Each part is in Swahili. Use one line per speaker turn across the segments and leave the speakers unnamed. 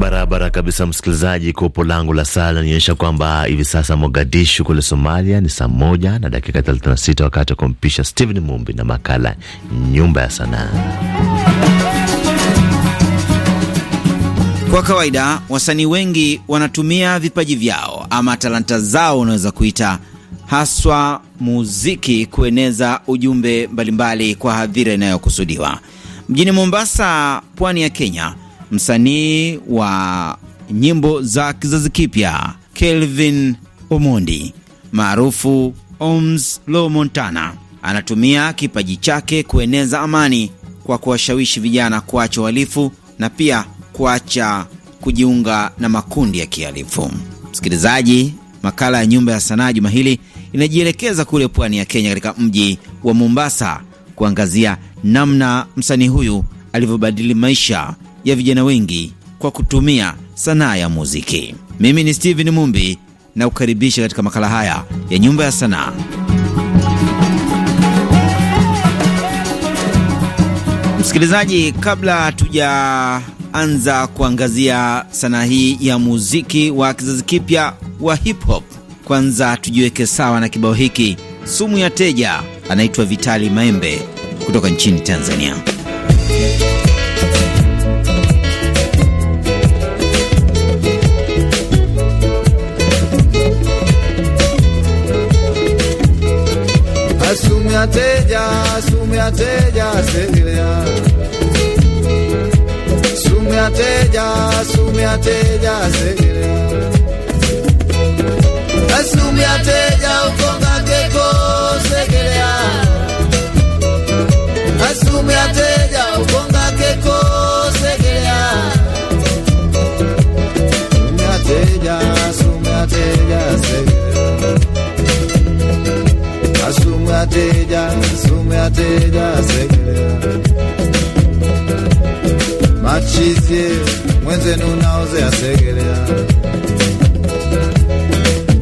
Barabara kabisa, msikilizaji. Kopo langu la saa linaonyesha kwamba hivi sasa Mogadishu kule Somalia ni saa moja na dakika 36, wakati wa kumpisha Steven Mumbi na makala Nyumba ya Sanaa.
Kwa kawaida wasanii wengi wanatumia vipaji vyao ama talanta zao, unaweza kuita haswa muziki, kueneza ujumbe mbalimbali kwa hadhira inayokusudiwa. Mjini Mombasa, pwani ya Kenya, msanii wa nyimbo za kizazi kipya Kelvin Omondi maarufu Oms Low Montana anatumia kipaji chake kueneza amani kwa kuwashawishi vijana kuacha uhalifu na pia kuacha kujiunga na makundi ya kihalifu. Msikilizaji, makala ya Nyumba ya Sanaa juma hili inajielekeza kule pwani ya Kenya, katika mji wa Mombasa, kuangazia namna msanii huyu alivyobadili maisha ya vijana wengi kwa kutumia sanaa ya muziki. Mimi ni Steven Mumbi na kukaribisha katika makala haya ya Nyumba ya Sanaa. Msikilizaji, kabla tujaanza kuangazia sanaa hii ya muziki wa kizazi kipya wa hip hop, kwanza tujiweke sawa na kibao hiki sumu ya teja. Anaitwa Vitali Maembe kutoka nchini Tanzania.
Sume súmiate ya, seguirá. a ya, súmiate ya, que Súmiate ya, ukonga Sume seguirá. un ya, que que seguirá. Súmiate ya, sume ya, seguirá. sumeateja sumeateja segera machizie mwenzenu naoze asegelea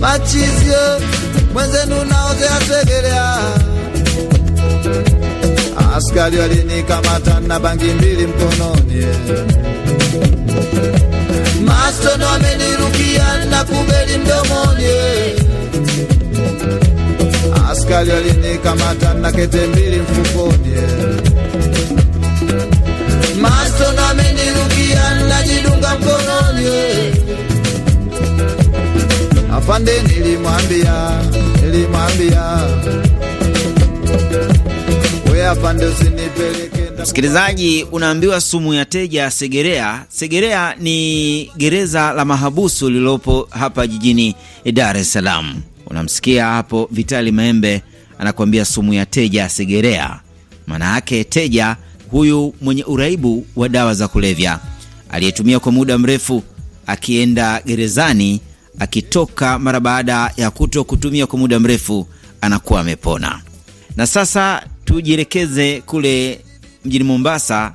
machizie mwenzenu naoze asegelea askari walinikamata na bangi mbili mkononi mastono amenirukia na kubeli mdomoni Askari walinikamata na kete mbili mfukoni, Maso na Mason amenirukia najidunga mkononi. Afande nilimwambia, nilimwambia we afande, usinipeleke
Msikilizaji, unaambiwa sumu ya teja Segerea. Segerea ni gereza la mahabusu lililopo hapa jijini Dar es Salaam. Unamsikia hapo Vitali Maembe anakuambia sumu ya teja segerea. Maana yake teja huyu mwenye uraibu wa dawa za kulevya aliyetumia kwa muda mrefu akienda gerezani, akitoka mara baada ya kuto kutumia kwa muda mrefu anakuwa amepona. Na sasa tujielekeze kule mjini Mombasa,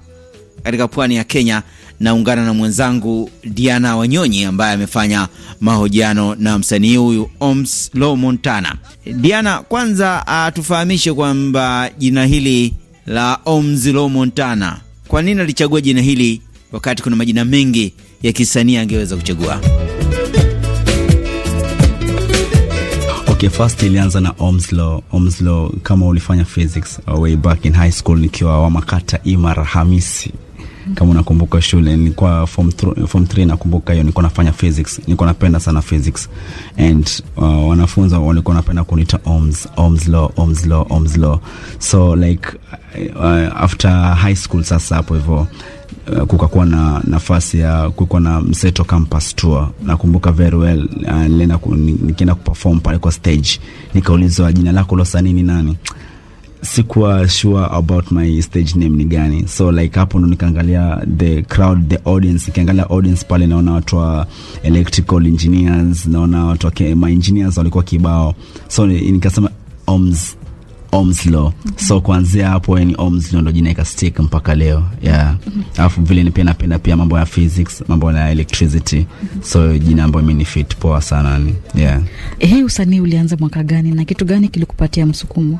katika pwani ya Kenya naungana na mwenzangu Diana Wanyonyi ambaye amefanya mahojiano na msanii huyu Oms Lo Montana. Diana, kwanza atufahamishe ah, kwamba jina hili la Oms Lo Montana, kwa nini alichagua jina hili wakati kuna majina mengi ya kisanii angeweza kuchagua?
Okay, first ilianza na Omslo. Omslo kama ulifanya physics way back in high school, nikiwa makata Imara Hamisi kama unakumbuka shule, nilikuwa form form 3 nakumbuka hiyo, nilikuwa nafanya physics, nilikuwa napenda sana physics and uh, wanafunzi walikuwa napenda kuniita ohms ohms law ohms law ohms law, so like uh, after high school sasa hapo hivyo Uh, kukakuwa na nafasi ya kukuwa na Mseto campus tour, nakumbuka very well. Uh, nilienda nikienda kuperform pale kwa stage, nikaulizwa jina lako losanii ni nani? sikuwa sure about my stage name ni gani, so like hapo ndo nikaangalia the crowd, the audience. Nikiangalia audience pale, naona watu wa electrical engineers, naona watu wa ma engineers walikuwa kibao, so nikasema OMS Omslo. Mm -hmm. So kuanzia hapo yani Omslo ndo jina ika stick mpaka leo. Yeah. Mm -hmm. Alafu vile ni pia napenda pia mambo ya physics, mambo ya electricity. Mm -hmm. So jina ambayo mimi ni fit poa sana ni. Yeah.
Eh, usanii ulianza mwaka gani na kitu gani kilikupatia msukumo?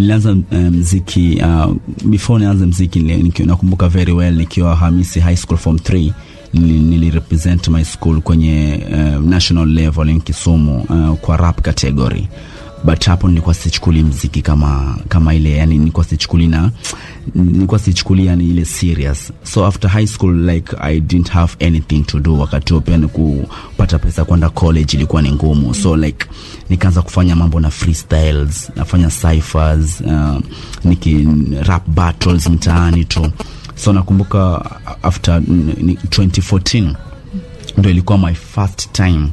nilianza eh, mziki uh, before nianze mziki nakumbuka very well nikiwa Hamisi High School form 3 nilirepresent my school kwenye uh, national level in Kisumu uh, kwa rap category but hapo nilikuwa sichukuli mziki kama kama ile yani, nilikuwa sichukuli na nilikuwa sichukulia yani ile serious, so after high school like I didn't have anything to do. Wakati huo pia ni kupata pesa kwenda college ilikuwa ni ngumu, so like nikaanza kufanya mambo na freestyles, nafanya cyphers, uh, niki rap battles mtaani tu. So nakumbuka after 2014 ndio ilikuwa my first time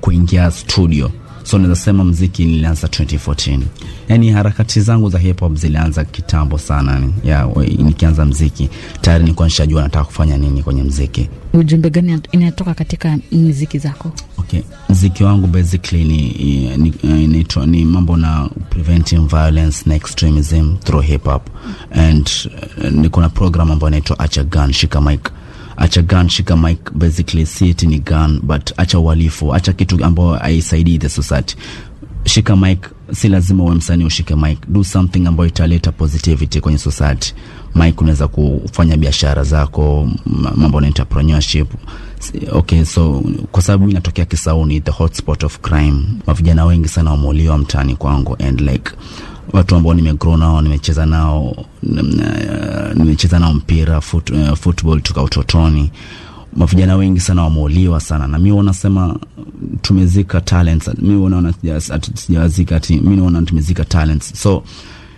kuingia studio So naweza sema mziki nilianza 2014, yani harakati zangu za hip hop zilianza kitambo sana ya, nikianza mziki tayari nilikuwa nishajua nataka kufanya nini kwenye mziki.
Ujumbe gani inatoka katika mziki zako?
Okay, mziki wangu basically ni, ni, ni, ni, ni mambo na preventing violence na extremism through hip hop and uh, niko na program ambayo inaitwa Acha Gun Shika mike acha gun shika mic, basically see it ni gun but acha uhalifu, acha kitu ambayo haisaidii the society. Shika mic, si lazima uwe msanii ushike mic, do something ambayo italeta positivity kwenye society. Mic unaweza kufanya biashara zako, mambo na entrepreneurship. Okay, so kwa sababu mimi natokea Kisauni, the hotspot of crime, mavijana wengi sana wameuliwa mtaani kwangu and like watu ambao nimegrow nao, nimecheza nao, mm, eh, nimecheza nao mpira fut, uh, eh, football toka utotoni. Mavijana wengi sana wameuliwa sana, na mi wanasema tumezika talents. Mi naona sijawazika, ati mi naona tumezika talents so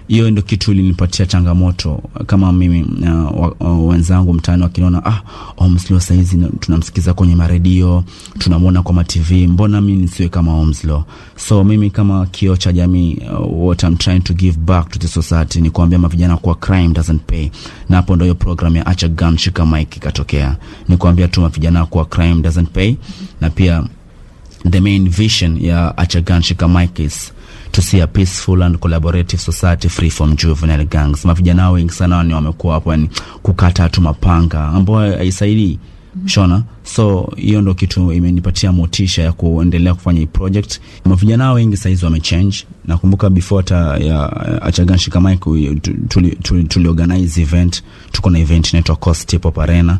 hiyo ndio kitu ilinipatia changamoto kama mimi uh, uh wenzangu mtaani wakiniona, ah, Omslo saizi tunamsikiza kwenye maredio, tunamwona kwa matv, mbona mi nisiwe kama Omslo? So mimi kama kio cha jamii, uh, what I'm trying to give back to the society ni kuambia mavijana kuwa crime doesn't pay, na hapo ndio hiyo program ya acha gun shika mike ikatokea, ni kuambia tu mavijana kuwa crime doesn't pay, na pia the main vision ya acha gun shika mike is to see a peaceful and collaborative society free from juvenile gangs. Mavijana wengi sana ni wamekuwa hapo yani kukata tu mapanga ambayo haisaidii Shona, so hiyo ndo kitu imenipatia motisha ya kuendelea kufanya hii project. Mavijana wengi saizi wamechange. Nakumbuka before hata Achagan Shikamai tuliorganize tuli, tuli event, tuko na event inaitwa Coast Pop Arena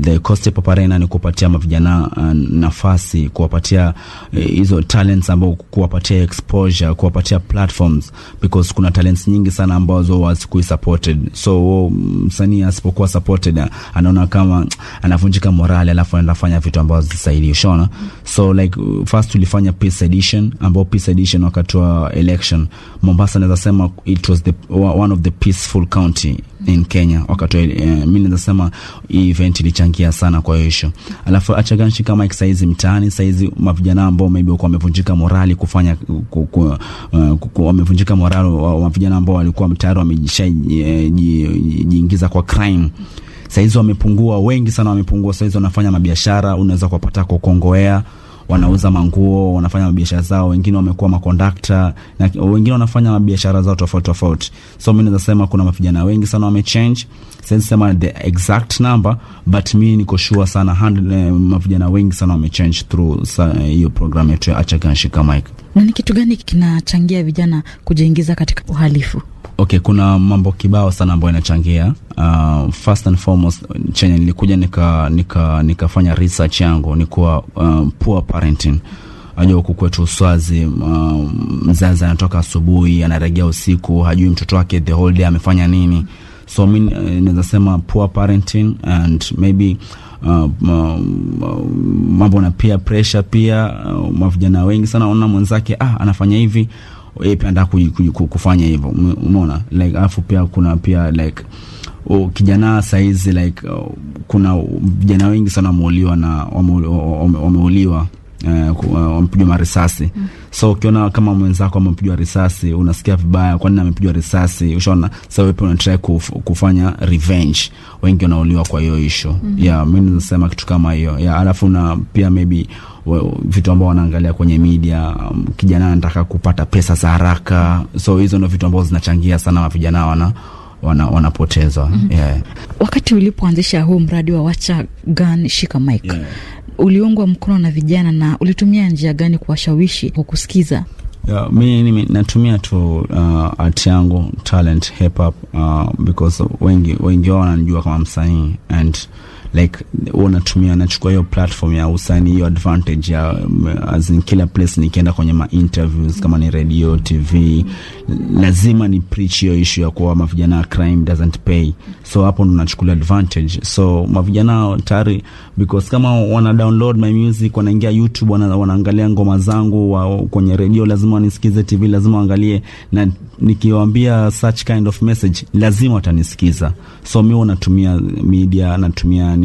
the Costa Pop ni kupatia mavijana uh, nafasi, kuwapatia eh, hizo uh, talents ambao, kuwapatia exposure, kuwapatia platforms because kuna talents nyingi sana ambazo hazikui supported. So msanii asipokuwa supported, anaona kama anavunjika morale, alafu anafanya vitu ambazo zisaidi, ushaona. So like first tulifanya peace edition, ambao peace edition wakati wa election Mombasa, naweza sema it was the one of the peaceful county in Kenya wakati uh, mimi sema hii event ilichangia sana kwa hiyo. Alafu acha ganshi kama saizi mtaani saizi mavijana ambao maybe walikuwa wamevunjika morali kufanya eh, wamevunjika morali wa vijana ambao walikuwa mtaari wameshajiingiza eh, kwa crime saizi wamepungua, wengi sana wamepungua. Saizi wanafanya mabiashara, unaweza kuwapata kwa Kongowea wanauza manguo, wanafanya biashara zao, wengine wamekuwa makondakta na wengine wanafanya biashara zao tofauti tofauti. So mimi naweza sema kuna mavijana wengi sana wamechange siwezi sema the exact number but mi niko sure sana hundred, eh, mavijana wengi sana wamechange through hiyo program yetu ya acha kanshika mike.
Na ni kitu gani kinachangia vijana kujiingiza katika uhalifu?
Okay, kuna mambo kibao sana ambayo inachangia. Uh, first and foremost chenye nilikuja nikafanya nika nika nikafanya research yangu ni kuwa um, poor parenting Unajua, huku kwetu Uswazi, um, mzazi um, anatoka asubuhi anaregea usiku, hajui mtoto wake the whole day amefanya nini. mm-hmm so mi uh, naweza sema poor parenting and maybe Uh, mambo na pia pressure pia uh, mavijana wengi sana ona mwenzake ah, anafanya hivi yeye pia anataka kufanya hivyo, umeona like. Alafu pia kuna pia like o, kijana saizi like uh, kuna vijana wengi sana wameuliwa na wameuliwa uh, wamepigwa marisasi mm. So ukiona kama mwenzako amepigwa risasi unasikia vibaya, kwani amepigwa risasi? Ushaona, sasa wewe kuf, kufanya revenge, wengi wanauliwa kwa hiyo issue mm -hmm. Yeah, nasema kitu kama hiyo yeah, alafu na pia maybe vitu ambao wanaangalia kwenye media um, kijana anataka kupata pesa za haraka, so hizo ndo vitu ambao zinachangia sana vijana wana wana, wanapoteza mm -hmm. yeah.
Wakati ulipoanzisha huu mradi wa wacha gun shika mic yeah. uliungwa mkono na vijana na ulitumia njia gani kuwashawishi kwa kusikiza?
Yeah, mi natumia tu uh, art yangu talent hip hop uh, because wengi wengi wao wananijua kama msanii and like wewe unatumia unachukua hiyo platform ya usanii hiyo advantage ya um, as in kila place nikienda kwenye ma interviews kama ni radio, TV, lazima ni preach hiyo issue ya kuwa mavijana crime doesn't pay. So hapo ndo unachukua advantage. So mavijana tayari because kama wana download my music, wanaingia YouTube, wana, wanaangalia ngoma zangu wa, kwenye radio lazima wanisikize, TV lazima waangalie, na nikiwaambia such kind of message lazima watanisikiza. So mimi natumia media, natumia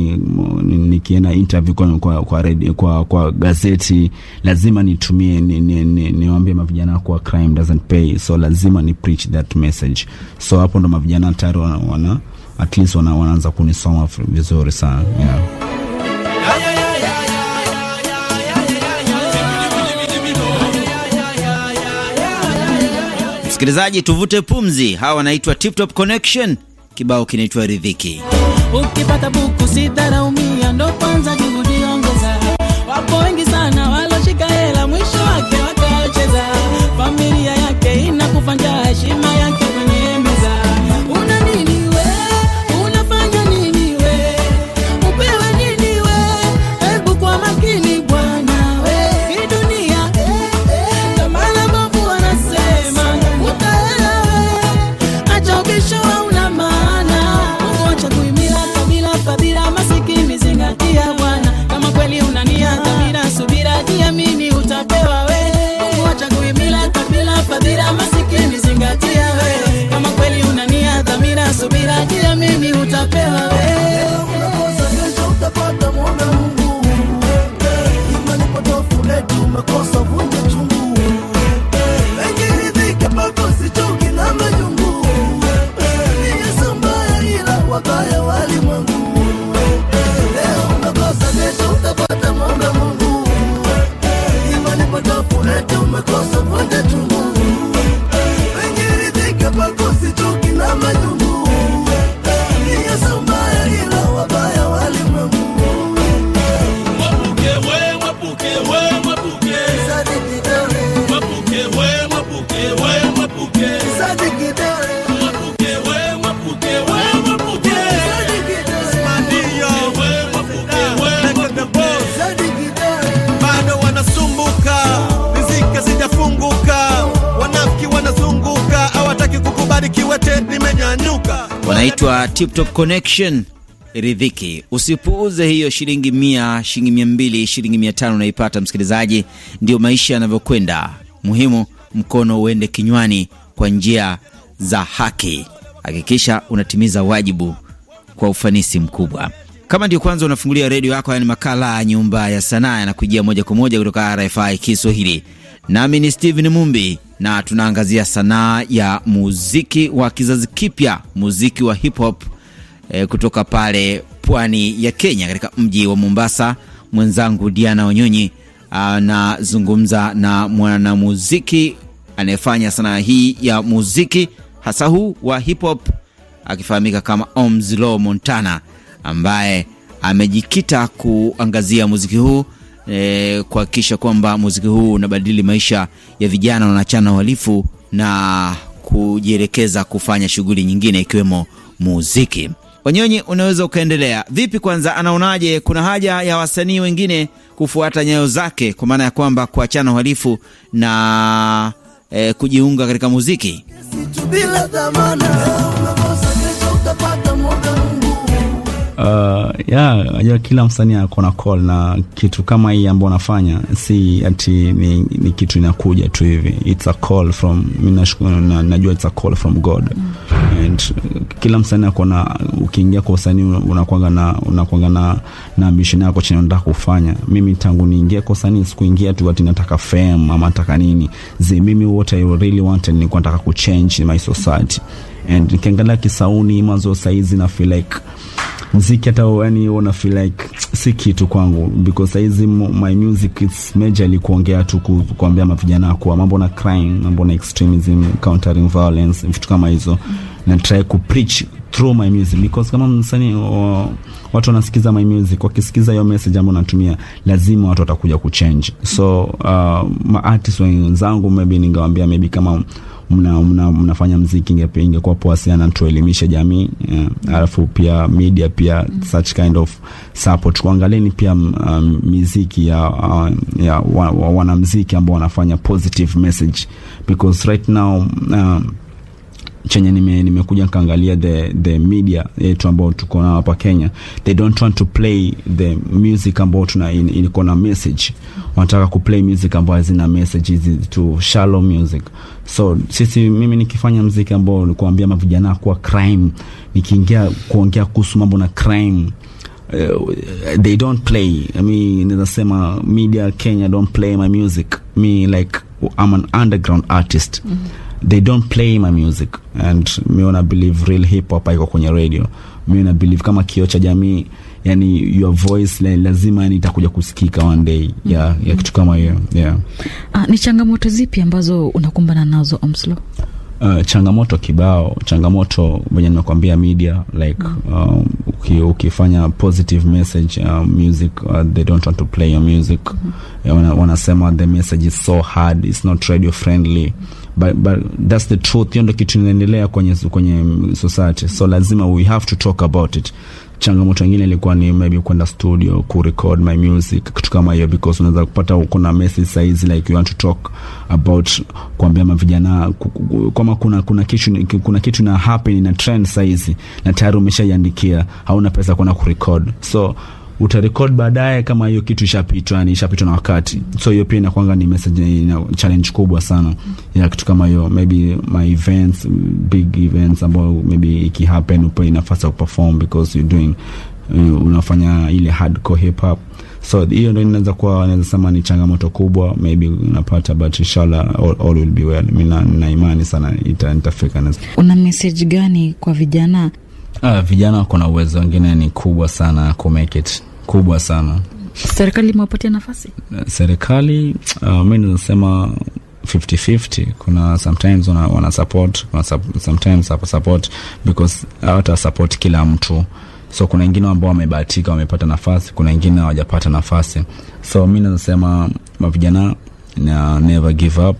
nikienda ni, ni interview kwa, kwa, kwa, radio, kwa, kwa gazeti lazima nitumie niwambie ni, ni, ni mavijana kuwa crime doesn't pay, so lazima ni preach that message. So hapo ndo mavijana tayari wana, wana, at least wana, wanaanza kunisoma vizuri sana yeah.
Msikilizaji, tuvute pumzi. Hawa wanaitwa Tip Top Connection, kibao kinaitwa Ridhiki.
Ukipata buku sitaraumia, ndo kwanza juhudi Wapo wengi sana waloshika hela, mwisho wake wakacheza. Familia yake inakufa njaa, heshima yake
Tip Top Connection ridhiki. Usipuuze hiyo shilingi mia, shilingi mia mbili, shilingi mia tano unaipata msikilizaji. Ndio maisha yanavyokwenda. Muhimu mkono uende kinywani kwa njia za haki. Hakikisha unatimiza wajibu kwa ufanisi mkubwa. Kama ndio kwanza unafungulia redio yako, yani makala Nyumba ya Sanaa yanakujia moja kwa moja kutoka RFI Kiswahili nami ni Steven Mumbi na tunaangazia sanaa ya muziki wa kizazi kipya, muziki wa hip hop e, kutoka pale pwani ya Kenya katika mji wa Mombasa. Mwenzangu Diana wanyonyi anazungumza na mwanamuziki anayefanya sanaa hii ya muziki hasa huu wa hip hop akifahamika kama Omzlo Montana ambaye amejikita kuangazia muziki huu e, kuhakikisha kwamba muziki huu unabadili maisha ya vijana wanaachana uhalifu na kujielekeza kufanya shughuli nyingine ikiwemo muziki. Wanyonyi, unaweza ukaendelea vipi? Kwanza anaonaje, kuna haja ya wasanii wengine kufuata nyayo zake, kwa maana ya kwamba kuachana uhalifu na e, kujiunga katika muziki?
Uh, ya yeah, kila msanii ako na call na kitu kama hii ambayo unafanya, si ati ni, ni kitu inakuja tu hivi, it's a call from na, najua it's a call from God mm. And kila msanii ako na, ukiingia kwa usanii unakwanga na unakwanga na na ambition yako chini unataka kufanya. Mimi tangu niingie kwa usanii sikuingia tu ati nataka fame ama nataka nini zi mimi what I really wanted nilikuwa nataka kuchange my society and nikiangalia Kisauni mazo saizi na feel like mziki hata yani una feel like si kitu kwangu because saizi my music it's majorly kuongea tu kuambia mavijana kwa mambo na crime, mambo na extremism, countering violence, vitu kama hizo na try ku preach through my music because kama msanii watu wanasikiza my music, wakisikiza hiyo message ambayo natumia, lazima watu watakuja kuchange. So uh, ma wenzangu maybe ningawambia maybe kama mna, mna, mnafanya mziki, ingekuwa poa sana tuelimishe jamii yeah. Alafu pia media pia mm. such kind of support kuangalieni pia mm, um, miziki ya, uh, ya wanamziki wa, wa, ambao wanafanya positive message because right now um, chenye nime nimekuja the the media yetu ambao tuko nao hapa Kenya, they don't want to play the music ambao tuna iko na message. Wanataka kuplay music ambao hazina message, hizi tu shallow music. So sisi, mimi nikifanya mziki ambao nikuambia mavijana kuwa crime, nikiingia kuongea kuhusu mambo na crime Uh, they don't play mi ninasema media Kenya don't play my music mi like I'm an underground artist mm -hmm they don't play my music and mi una believe real hip hop haiko kwenye radio. Mi una believe kama kioo cha jamii, yani your voice la, lazima yani itakuja kusikika one day ya, mm. yeah, mm -hmm. ya, kitu kama hiyo yeah.
Uh, ni changamoto zipi ambazo unakumbana nazo Omslo?
Uh, changamoto kibao, changamoto venye nimekwambia media like mm. um, uki, ukifanya positive message uh, music uh, they don't want to play your music mm -hmm. Yeah, wanasema wana the message is so hard, it's not radio friendly mm -hmm but, but that's the truth. Hiyo ndo kitu inaendelea kwenye kwenye society, so lazima we have to talk about it. Changamoto ingine ilikuwa ni maybe kwenda studio ku record my music, kitu kama hiyo, because unaweza kupata kuna message size like you want to talk about kuambia mavijana kama kuna kuna kitu kuna kitu na happen na trend size na tayari umeshaiandikia, hauna pesa kwenda ku record so utarekod baadaye kama hiyo kitu ishapitwa, yani ishapitwa na wakati. So hiyo pia inakwanga ni message, na challenge kubwa sana ya kitu kama hiyo, maybe my events, big events ambayo maybe iki happen upe nafasi ya kuperform because you doing uh, unafanya ile hardcore hip hop so hiyo ndio inaweza kuwa naweza sema ni changamoto kubwa maybe unapata, but inshallah all, all will be well. Mimi na imani sana ita nitafika.
Una message gani kwa vijana
Ah, vijana wako na uwezo, wengine ni kubwa sana ku make it kubwa sana.
Serikali imewapatia nafasi?
Serikali uh, mi nasema 50-50. Kuna sometimes wana, wana support, kuna sub, sometimes hapa support because hawata support kila mtu so kuna wengine ambao wamebahatika wamepata nafasi, kuna wengine hawajapata nafasi. So mi nasema mavijana na never give up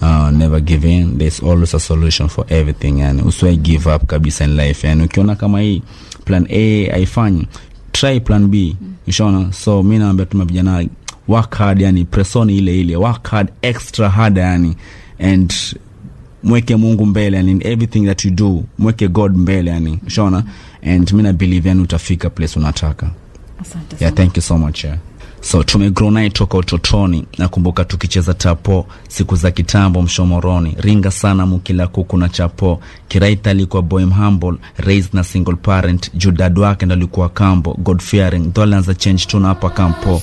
uh, never in there's always a solution for everything, yani usiwahi give up kabisa in life. Yani ukiona kama hii plan A haifanyi, try plan B. Ushaona? So mi naambia tuma vijana work hard, yani presoni ile ile, work hard extra hard, yani and mweke Mungu mbele, yani in everything that you do mweke God mbele, yani ushaona? And mi na believe yani utafika place unataka. Asante. Yeah, thank you so much. Yeah. So tumegronai toka utotoni. Nakumbuka tukicheza tapo siku za kitambo Mshomoroni, ringa sana mukila kuku na chapo. Kiraita alikuwa boy humble, raised na single parent. Juu dad wake ndo alikuwa kambo, God fearing, dolanza change tuna hapa kampo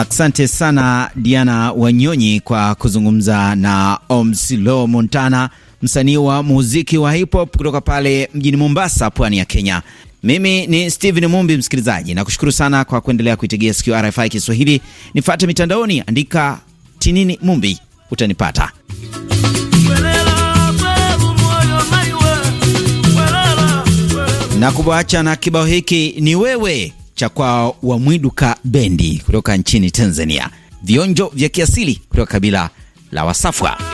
Asante sana Diana Wanyonyi kwa kuzungumza na Omsilo Montana, msanii wa muziki wa hip hop kutoka pale mjini Mombasa, pwani ya Kenya. Mimi ni Steven Mumbi, msikilizaji nakushukuru sana kwa kuendelea kuitegea sikio RFI Kiswahili. nifate mitandaoni, andika tinini Mumbi utanipata. Na na kibao hiki ni wewe cha kwa Wamwiduka bendi kutoka nchini Tanzania, vionjo vya kiasili kutoka kabila la Wasafwa.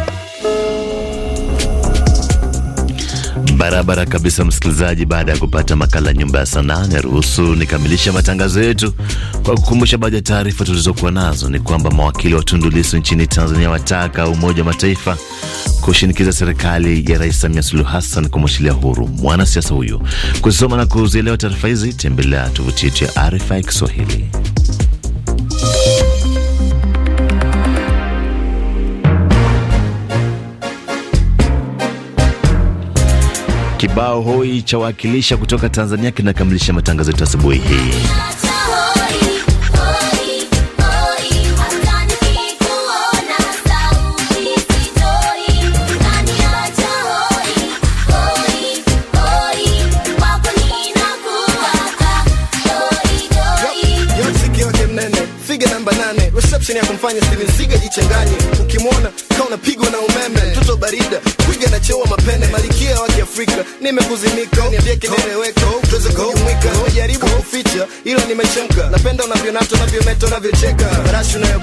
Barabara kabisa, msikilizaji. Baada ya kupata makala nyumba ya sanaa, niruhusu nikamilisha matangazo yetu kwa kukumbusha baadhi ya taarifa tulizokuwa nazo. Ni kwamba mawakili wa Tundu Lissu nchini Tanzania wataka Umoja wa Mataifa kushinikiza serikali ya Rais Samia Suluhu Hassan kumwachilia huru mwanasiasa huyu. Kusoma na kuzielewa taarifa hizi, tembelea tovuti yetu ya RFI Kiswahili. Kibao hoi cha wakilisha kutoka Tanzania kinakamilisha matangazo yetu asubuhi hii.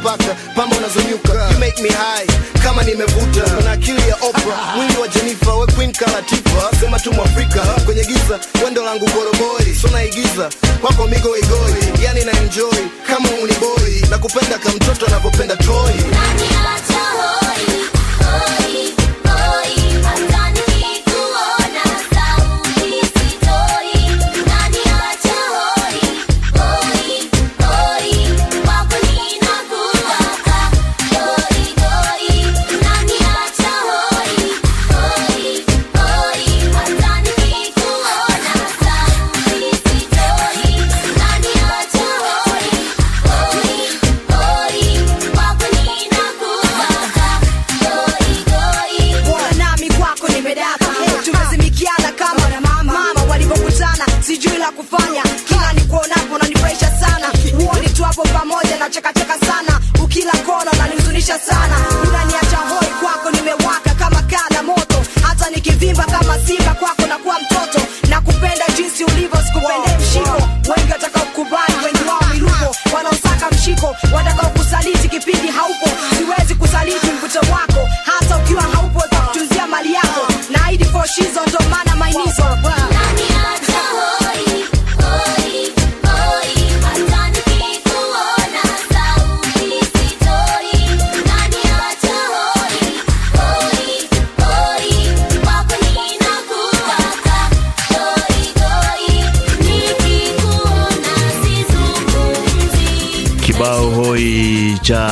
unazipata pamba unazonyuka you make me high kama nimevuta na akili ya opera mwili wa jenifa we queen kalatifa sema tu mwafrika kwenye giza wendo langu goroboi so naigiza kwako migo igoi yani na enjoy kama uniboi nakupenda kamtoto anavyopenda anapopenda
Nani?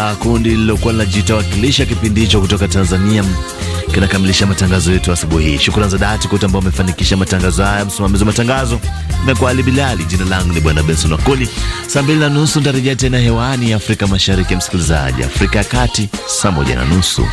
Mapinga, kundi lililokuwa linajitawakilisha kipindi hicho kutoka Tanzania, kinakamilisha matangazo yetu asubuhi hii. Shukrani za dhati kwa wote ambao wamefanikisha matangazo haya. Msimamizi wa matangazo imekuwa Ali Bilali, jina langu ni Bwana Benson Wakoli. Saa mbili na nusu ndarejea tena hewani ya Afrika Mashariki, msikilizaji Afrika ya Kati saa moja na nusu.